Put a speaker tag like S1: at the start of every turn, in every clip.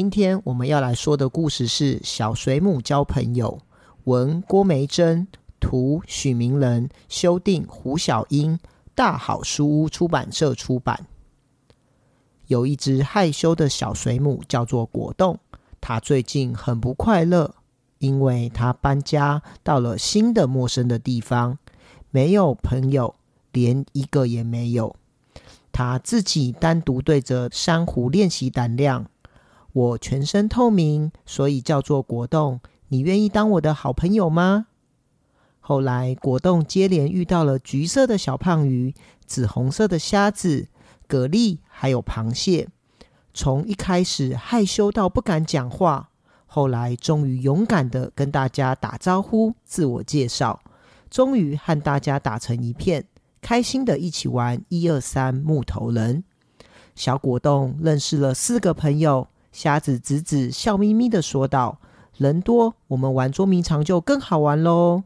S1: 今天我們要來說的故事是《小水母交朋友》。文郭玫禎，圖許銘仁，修訂胡曉英，大好書屋出版社出版。有一只害羞的小水母，叫做果凍。它最近很不快樂，因為它搬家到了新的陌生的地方，沒有朋友，連一個也沒有。它自己單獨對着珊瑚練習膽量。我全身透明，所以叫做果凍。你願意當我的好朋友嗎？後來，果凍接連遇到了橘色的小胖魚、紫紅色的蝦子、蛤蜊，還有螃蟹。從一開始害羞到不敢講話，後來終於勇敢的跟大家打招呼、自我介紹，終於和大家打成一片，開心的一起玩一二三，木頭人。小果凍認識了四個朋友。瞎子姊姊笑眯眯的說道：“人多，我們玩捉迷藏就更好玩嘍。”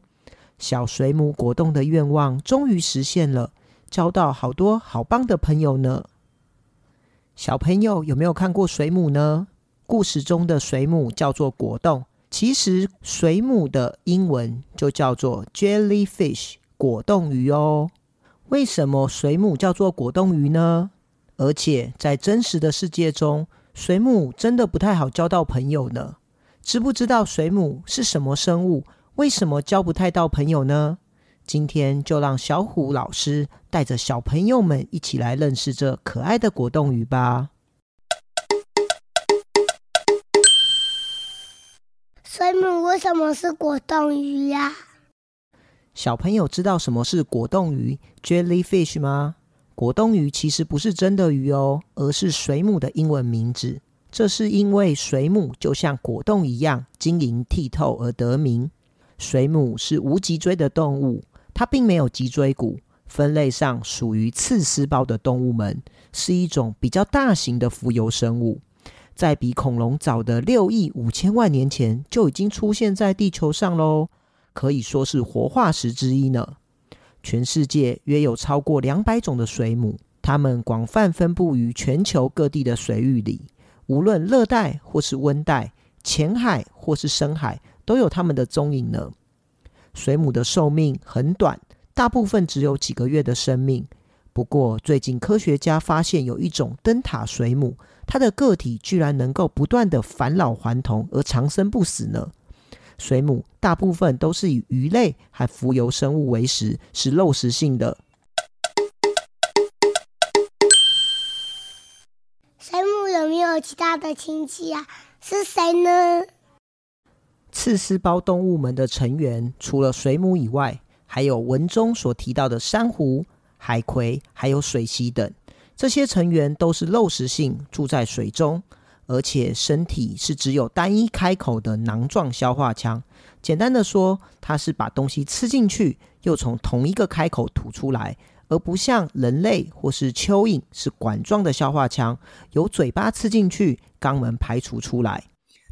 S1: 小水母果凍的願望終於實現了，交到好多好棒的朋友呢。小朋友有沒有看過水母呢？故事中的水母叫做果凍，其實水母的英文就叫做 Jellyfish（ 果凍魚）哦。為什麼水母叫做果凍魚呢？而且在真實的世界中。水母真的不太好交到朋友呢。知不知道水母是什麼生物？為什麼交不太到朋友呢？今天就讓小虎老師帶着小朋友們一起來認識這可愛的果凍魚吧！
S2: 水母為什麼是果凍魚呀，
S1: 啊？小朋友知道什麼是果凍魚 （Jellyfish） 嗎？果凍魚其實不是真的魚哦，而是水母的英文名字。這是因為水母就像果凍一樣晶瑩剔透而得名。水母是無脊椎的動物，它並沒有脊椎骨，分類上屬於刺絲胞的動物門，是一種比較大型的浮游生物。在比恐龍早的六億五千萬年前就已經出現在地球上嘍，可以說是活化石之一呢。全世界約有超過兩百種的水母，它們廣泛分佈於全球各地的水域裡，無論熱帶或是溫帶、淺海或是深海，都有它們的蹤影呢。水母的壽命很短，大部分只有幾個月的生命。不過，最近科學家發現有一種燈塔水母，它的個體居然能夠不斷的返老還童而長生不死呢。水母大部分都是以魚類和浮游生物為食，是肉食性的。
S2: 水母有沒有其他的親戚啊？是誰呢？
S1: 刺絲胞動物門的成員除了水母以外，還有文中所提到的珊瑚、海葵，還有水螅等。這些成員都是肉食性，住在水中。而且身體是只有單一開口的囊狀消化腔。簡單的說，它是把東西吃進去，又從同一個開口吐出來，而不像人類或是蚯蚓是管狀的消化腔，由嘴巴吃進去，肛門排除出來。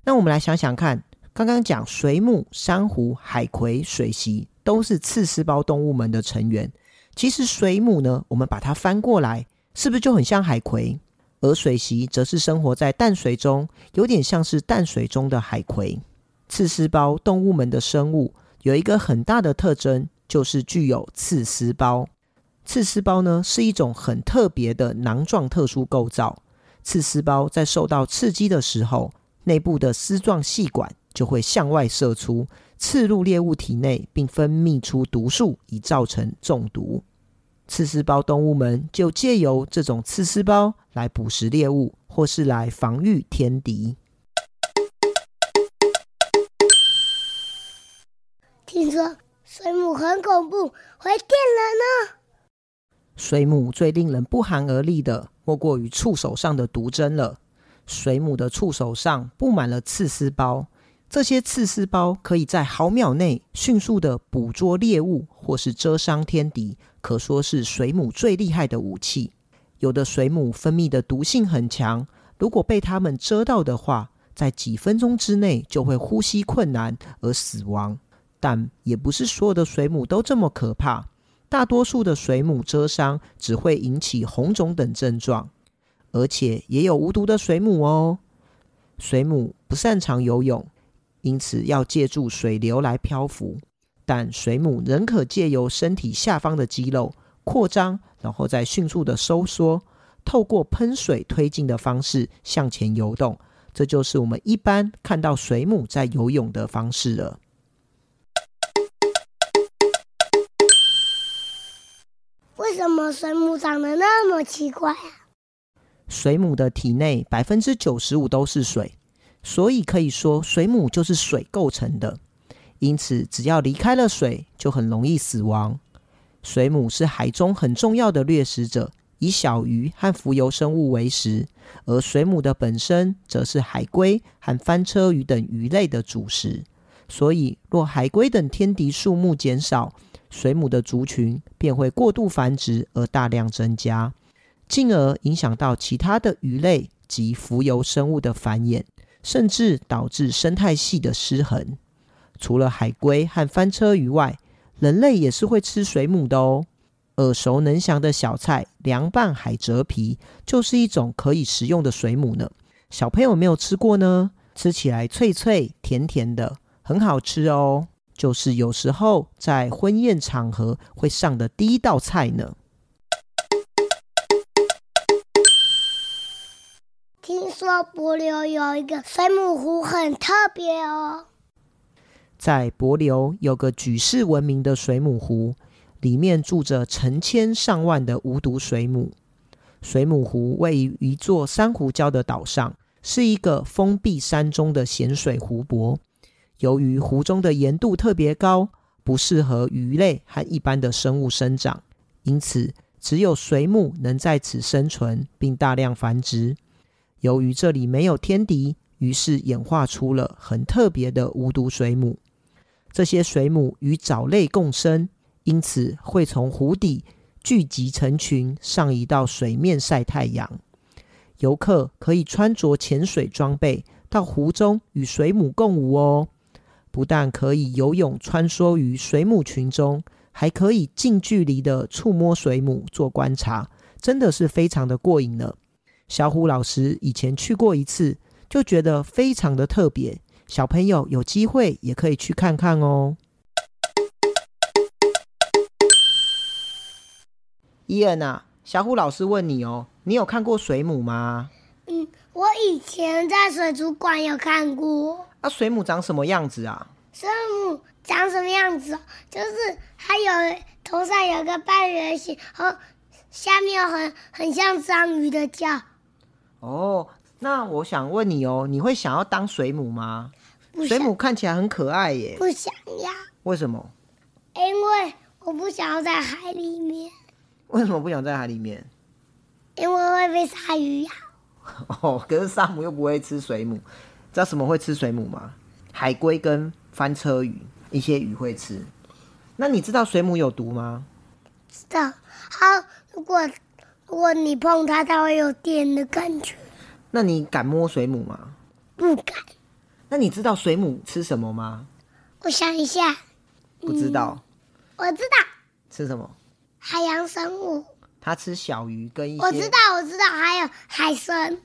S1: 那我們來想想看，剛剛講水母、珊瑚、海葵、水螅都是刺絲胞動物門的成員。其實水母呢，我們把它翻過來，是不是就很像海葵？而水螅則是生活在淡水中，有點像是淡水中的海葵。刺絲胞動物門的生物有一個很大的特徵，就是具有刺絲胞。刺絲胞呢是一種很特別的囊狀特殊構造。刺絲胞在受到刺激的時候，內部的絲狀細管就會向外射出，刺入獵物體內，並分泌出毒素以造成中毒。刺絲胞動物們就借由這種刺絲胞來捕食獵物，或是來防禦天敵。
S2: 聽說水母很恐怖，會電人呢、啊。
S1: 水母最令人不寒而栗的，莫過於觸手上的毒針了。水母的觸手上佈滿了刺絲胞。這些刺絲胞可以在毫秒內迅速地捕捉獵物或是蜇傷天敵，可說是水母最厲害的武器。有的水母分泌的毒性很強，如果被它們蜇到的話，在幾分鐘之內就會呼吸困難而死亡。但也不是所有的水母都這麼可怕，大多數的水母蜇傷只會引起紅腫等症狀，而且也有無毒的水母哦。水母不擅長游泳。因此，要借助水流來漂浮，但水母仍可借由身體下方的肌肉擴張，然後再迅速的收縮，透過噴水推進的方式向前游動。這就是我們一般看到水母在游泳的方式了。
S2: 為什麼水母長得那麼奇怪啊？
S1: 水母的體內百分之九十五都是水。所以可以說，水母就是水構成的。因此，只要離開了水，就很容易死亡。水母是海中很重要的掠食者，以小魚和浮游生物為食。而水母的本身，則是海龜和翻車魚等魚類的主食。所以，若海龜等天敵數目減少，水母的族群便會過度繁殖而大量增加，進而影響到其他的魚類及浮游生物的繁衍。甚至導致生態系的失衡。除了海龜和翻車魚外，人類也是會吃水母的哦。耳熟能詳的小菜涼拌海蜇皮，就是一種可以食用的水母呢。小朋友沒有吃過呢？吃起來脆脆甜甜的，很好吃哦。就是有時候在婚宴場合會上的第一道菜呢。
S2: 聽說帛琉有一個水母湖，很特別哦。
S1: 在帛琉有個舉世聞名的水母湖，裡面住着成千上萬的無毒水母。水母湖位於一座珊瑚礁的島上，是一個封閉山中的鹹水湖泊。由於湖中的鹽度特別高，不適合魚類和一般的生物生長，因此只有水母能在此生存並大量繁殖。由於這裡沒有天敵，於是演化出了很特別的無毒水母。這些水母與藻類共生，因此會從湖底聚集成群，上移到水面曬太陽。遊客可以穿着潛水裝備到湖中與水母共舞哦！不但可以游泳穿梭於水母群中，還可以近距離的觸摸水母做觀察，真的是非常的過癮呢。小虎老師以前去過一次，就覺得非常的特別。小朋友有機會也可以去看看哦。伊恩啊，小虎老師問你哦，你有看過水母嗎？
S2: 嗯，我以前在水族館有看過。
S1: 啊，水母長什麼樣子啊？
S2: 水母長什麼樣子？就是它有頭上有個半圓形，然後下面有很很像章魚的
S1: 腳。哦，那我想問你哦，你會想要當水母嗎？水母看起來很可愛耶。不
S2: 想要。為什麼？因為我不想要在海裡面。
S1: 為什麼不想在海裡面？
S2: 因為會被鯊魚
S1: 咬啊。哦，可是鯊魚又不會吃水母。知道什麼會吃水母嗎？海龜跟翻車魚，一些魚會吃。那你知道水母有毒嗎？
S2: 知道。好，如果。如果你碰它，它會有
S1: 電的感覺。那你敢摸水母嗎？不敢。那你知道水母吃什麼嗎？
S2: 我想一下。不知道。嗯，我知道。吃什麼？海洋生物。
S1: 它吃小魚跟一些。我知道，
S2: 我知道，還有海參。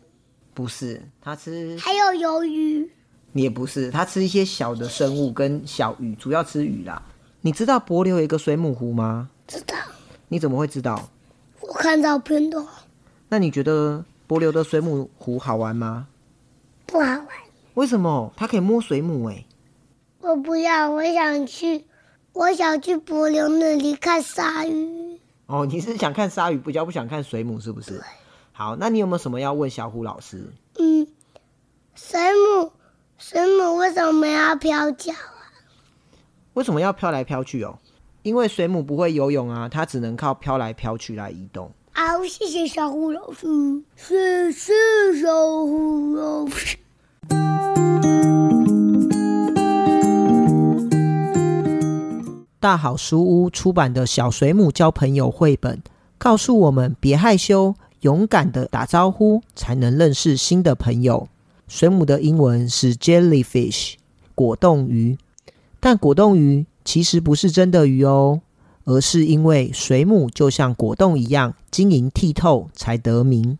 S1: 不是，它吃。
S2: 還有魷魚。
S1: 你也不是，它吃一些小的生物跟小魚， 主要吃魚啦。你知道帛琉有一個水母湖嗎？知道。你怎麼會知道？我看照片多。那你覺得帛琉的水母湖好玩嗎？不好玩。為什麼？它可以摸水母哎、欸。
S2: 我不要，我想去，我想去帛琉那裡看鯊魚。
S1: 哦，你是想看鯊魚，比較不想看水母是不是？好，那你有沒有什麼要問小虎老師？嗯，
S2: 水母，水母為什麼要飄腳啊？
S1: 為什麼要飄來飄去哦？因為水母不會游泳啊，它只能靠飄來飄去來移動。
S2: 好，謝謝小虎老師，謝謝小虎老師。
S1: 大好書屋出版的《小水母交朋友》繪本，告訴我們：別害羞，勇敢地打招呼，才能認識新的朋友。水母的英文是 jellyfish，果凍魚，但果凍魚。其實不是真的魚哦，而是因為水母就像果凍一樣晶瑩剔透才得名。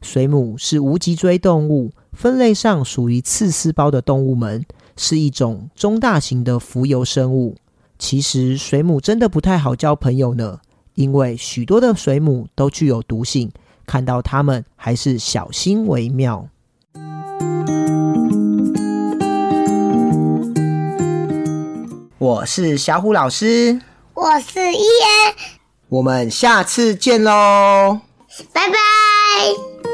S1: 水母是無脊椎動物，分類上屬於刺絲胞的動物門，是一種中大型的浮游生物。其實水母真的不太好交朋友呢，因為許多的水母都具有毒性，看到它們還是小心為妙。我是小虎老師，我是伊恩，我們下次見嘍，拜拜。